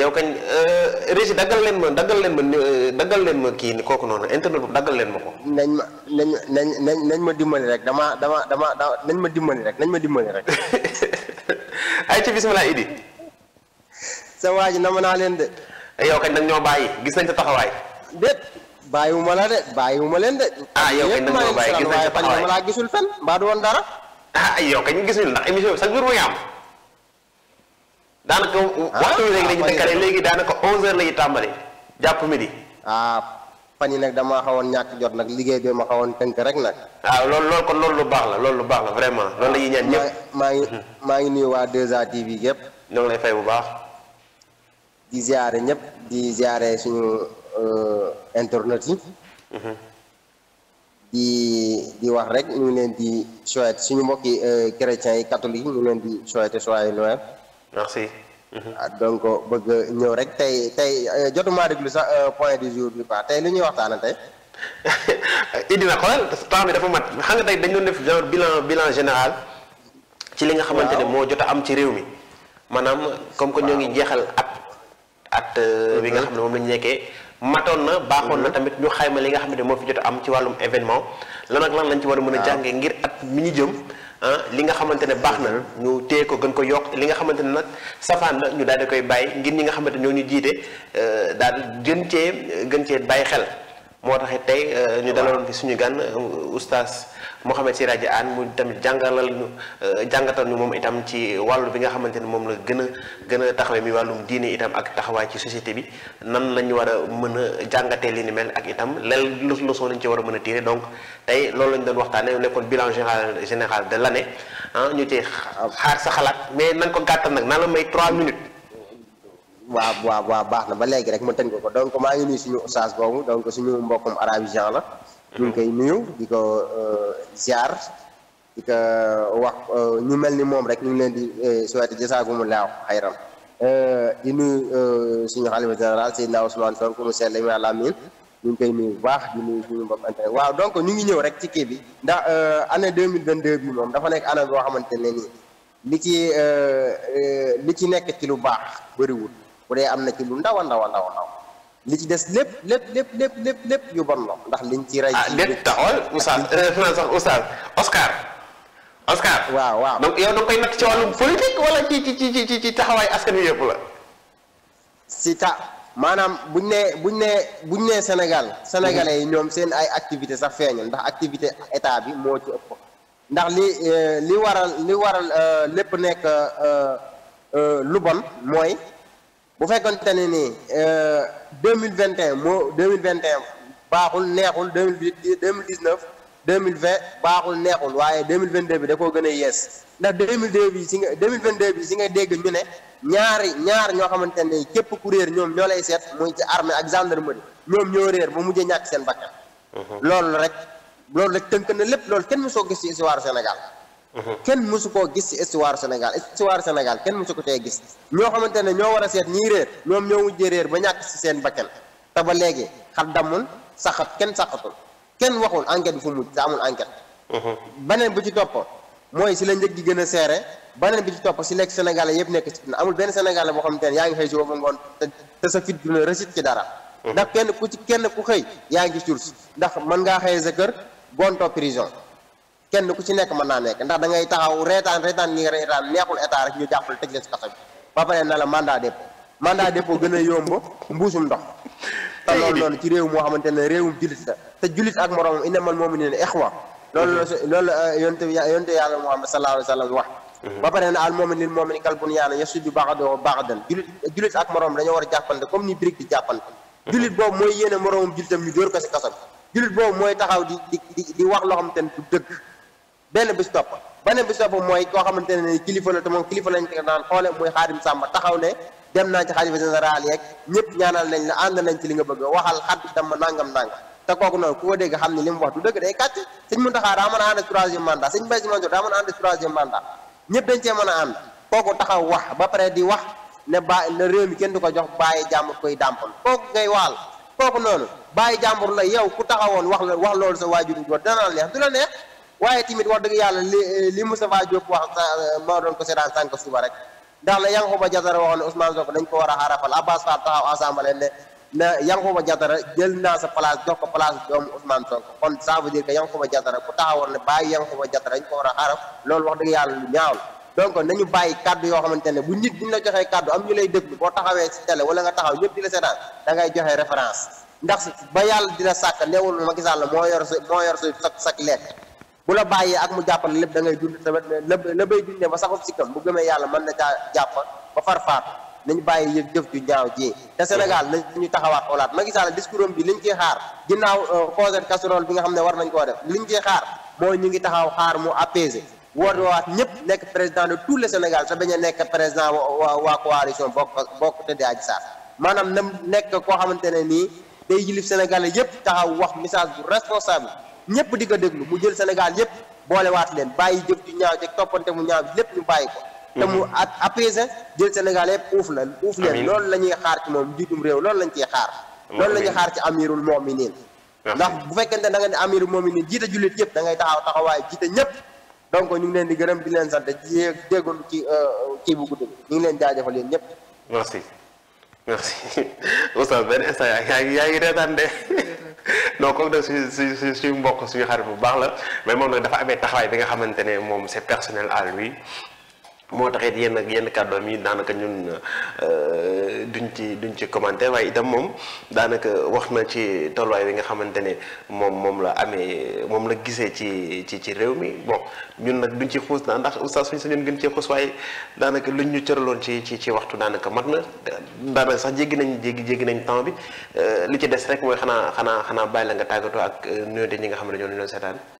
yow kañ euh, Régis daggal leen ma daggal leen ma euh, daggal leen ma kii ni kooku noonu internet boobu daggal leen ma ko. nañ ma nañ nañ nañ nañ ma dimbali rek dama dama dama nañ ma dimbali rek nañ ma dimbali rek. ay ci bisimilah Idi. sa waa ji nama naa leen de. yow kañ nag ñoo bàyyi gis nañ sa taxawaay. déet bàyyiwuma la de bàyyiwuma leen de. ah yow kañ nag ñoo bàyyi gis nañ sa taxawaay waaye kañ dama laa gisul fen mbaa du woon dara. ah yow kañ gisuñu émission bi chaque daanaka ah, waxtu bi léegi dañuy dëkkale ah, léegi tàmbali jàpp midi. ah fan yi nag dama xawoon ñàkk jot nag liggéey bi ma xawoon tënk rek nag. ah loolu loolu kon loolu lu baax la lool lu baax la vraiment loolu la ñuy ñaan ñëpp. maa ngi maa ngi nuyu waa 2A TV yëpp. ñoo ngi lay fay bu baax. di ziare ñëpp di ziare suñu euh, internet yi. Mhm. di di wax rek ñu ngi leen di souhaiter suñu mbokki euh, chrétiens yi catholiques yi ñu ngi leen di souhaiter joyeux Noël. merci. Ah, donc bëgg ñëw rek tey tey euh, jotumaa déglu sax euh, point du jour bi quoi tey lu ñuy waxtaanee tey. Idi na xoolal temps bi dafa mat xam nga tey dañ doon def genre bilan bilan général. ci li nga xamante ne moo jot am ci réew mi. maanaam comme que ñoo ngi jeexal at at euh, bi nga xam ne moom la ñu nekkee matoon na baaxoon na mhm. tamit ñu xayma li nga xam ne moo fi jot am ci wàllum événement lan ak lan lañ ci war a mën a ah. jàngee ngir at mu ñu jëm ah, li nga xamante ne baax na mhm. ñu téye ko gën ko yokk li nga xamante ne nag safaan la ñu daal di koy bàyyi ngir ñi nga xamante ñoo ñu jiite euh, daal gën cee gën cee bàyyi xel moo tax tey euh, ñu dalaloon fi suñu gan oustaz Mouhamed Siraji Anne mu tamit jàngalal ñu euh, jàngatal ñu moom itam ci wàllu bi nga xamante ni moom la gën a gën a taxawee mi wàllum diine itam ak taxawaay ci société bi nan lañu war a mën a jàngatee li ni mel ak itam lel leçon lañ ci war a mën a tirer donc tey loolu lañ doon waxtaane nekkoon bilan général général de l'année ah ñu ci xaar sa xalaat mais nañ ko gàttal nag naa la may 3 minutes waaw waaw waa baax na ba léegi rek ma tënk ko donc maa ngi nuyu suñu oustaz boobu donc suñu mbokkum arabijan la ñu ngi koy nuyu di ko euh, ziar di ko wax euh, ñu mel ni moom rek ñu ngi leen di euh, souhaité jasaagumu laaw xayram di nuy suñu xalifa général Seydina Ousmane Sonko mu seet la mu yàlla amiin ñu ngi koy nuyu bu baax di nuyu suñu mbokk internet waaw donc ñu ngi ñëw rek ci kii bi ndax année deux mille vingt deux bi moom dafa nekk année boo xamante ne nii li ci li ci nekk ci lu baax bëriwul bu dee am na ci lu ndaw a ndaw a ndaw li ci des lépp lépp lépp lépp lépp lépp yu bon la ndax liñ ci rey. ah lépp taxawal euh, oustaz oustaz Oscar. Oscar waaw waaw donc yow da nga koy natt ci wàllum politique wala ci ci ci ci ci taxawaay askan wi yëpp la. si ta maanaam buñ nee buñ nee buñ nee Sénégal. sénégalais yi ñoom seen ay activité sax feeñal ndax activité état bi moo ci ëpp. ndax li euh, li waral li waral euh, lépp nekk lu bon mooy. bu fekkonte ne nii euh, deux mille vingt et moo deux mille vingt et baaxul neexul deux mille huit deux mille dix neuf deux mille vingt baaxul neexul waaye deux mille vingt deux bi da koo gën a yees ndax deux mille deux bi si nga deux mille vingt deux dégg ñu ne ñaari ñaar ñoo xamante ne képp ku réer ñoom ñoo lay seet muy ci armée ak gendarmerie ñoom ñoo réer ba mujjee ñàkk seen bakkan mhm. loolu rek loolu rek tënk na lépp loolu kenn mu soo gis ci histoire Sénégal Mhm. kenn mësu koo gis ci histoire Sénégal histoire Sénégal kenn mësu ko tee gis ñoo xamante ne ñoo war a seet ñii réer ñoom ñoo wujjee réer ba ñàkk ci seen bakkan te ba léegi xat dammul saxat kenn saxatul kenn waxul enquête bi fu mujj te amul enquête mhm. beneen bu ci topp mooy si la njëg di gën a seere beneen bi ci topp si lekk sénégalais yëpp nekk ci amul benn sénégalais boo xamante ne yaa ngi xëy suba ba ngoon te sa fit dina rësit ci dara mhm. ndax kenn ku ci kenn ku xëy yaa ngi ci course ndax mën ngaa xëy sa kër gonto prison kenn ku ci nekk man naa nekk ndax da ngay taxaw reetaan reetaan nii reetaan neexul état rek ñu jàppale tëj la si kaso bi ba pare na la mandat dépôt mandat dépôt gën a yomb mbuusum ndox te loolu noonu ci réew moo xamante ne réewum jullit la te jullit ak moroomam innamal mu'minuuna ixwa loolu loolu yonte euh, yonte yàlla Muhammad sallallahu alayhi wa sallam wax mhm. ba pare na al mu'min lil mu'min kal bunyaana war a jàppante comme ni brique di jàppante mhm. jullit boobu mooy yéene moroomam jullitam ñu dóor ko si kaso bi jullit boobu mooy taxaw di di di wax loo xam ne du dëgg benn bis topp beneen bis topp mooy koo xamante ne ni kilifa la te moom kilifa lañ ko naan xoole muy xaadim sàmba taxaw ne dem naa ci xalifa général yeeg ñëpp ñaanal nañ la ànd nañ ci li nga bëgg waxal xat dama nangam nangam te kooku noonu ku ko dégg xam ne li mu wax du dëgg taxaw wax ba pare di wax ne ba ne réew mi kenn du ko jox bàyyi jàmbur koy dàmpal kooku ngay waal kooku noonu bàyyi jàmbur la yow ku taxawoon wax la wax loolu sa waajur góor dana neex du la neex waaye tamit wax dëgg yàlla li eh, li Moustapha Diop wax eh, ma doon ko seetaan sànq suba rek ndax la Yankuba Diatara waxoon ne Ousmane Sonko dañ ko war a xaarafal Abbas Fall taxaw assemblée ne na Yankuba jël naa sa place jox ko place doomu kon ça veut dire que Yankuba Diatara ku taxawoon ne bàyyi Yankuba Diatara dañ ko war a loolu wax dëgg yàlla lu ñaaw la donc nañu bàyyi kàddu yoo xamante ne bu nit bu ñu la joxee kàddu am ñu lay déglu boo taxawee si télé wala nga taxaw ñëpp di la seetaan da ngay joxe référence ndax ba yàlla di la sàkk neewul Macky moo yor sa moo yor sa sa lekk bu la bàyyee ak mu jàppal lépp da ngay dund tamit mais la la bay dundee ba saxul sikkam bu gëmee yàlla mën na caa jàpp ba far nañu bàyyi yëpp jëf ju ñaaw ji te Sénégal nañu taxawaat xoolaat Macky Sall discours bi liñ ciy xaar ginnaaw concert euh, casserole bi nga xam ne war nañ koo def liñ ciy xaar mooy ñu ngi taxaw xaar mu apaiser woote waat ñëpp nekk président de tout le Sénégal te bañ a nekk président waa waa coalition bokk bokk tëddee Adji Sarr maanaam na nekk koo xamante ne nii day yilif Sénégalais yëpp taxaw wax message bu responsable ñëpp di ko déglu mu jël Sénégal yëpp boolewaat leen bàyyi jëf ju ñaaw jeg toppante mu ñaaw lépp ñu bàyyi ko te mu mhm. at jël Sénégal yëpp uuf la uuf leen loolu la ñuy xaar ci moom njiitum réew loolu lañ ciy xaar loolu la ñuy xaar ci amirul mu'minin ndax bu fekkente da nga ne amirul mu'minin jiite jullit yëpp dangay ngay taxaw taxawaay jiite ñëpp donc ñu ngi leen di gërëm di leen sant di déggul ci euh, kii bu guddi ñu ngi leen jaajëfal yéen ñëpp merci merci oustaz benn instant yaa ngi yaa ngi reetaan de non kooku nag suñu suñu suñu mbokk suñu xarit bu baax la mais moom nag dafa amee taxawaay bi nga xamante ne moom c'est personnel à lui moo tax it yenn yenn kàddoom yi daanaka ñun euh, duñ ci duñ ci commenté waaye itam moom daanaka wax na ci tolluwaay bi nga xamante ne moom moom la amee moom la gisee ci ci ci réew mi bon ñun nag duñ ci xuus na ndax oustaz suñ sa ñun gën cee xuus waaye daanaka luñ ñu cëraloon ci ci ci waxtu daanaka mat na daanaka sax jéggi nañ jéggi jéggi nañ temps bi euh, li ci des rek mooy xanaa xanaa xanaa bàyyi la nga tàggatoo ak euh, nuyonte ñi nga xam ne ñoo ñu doon seetaan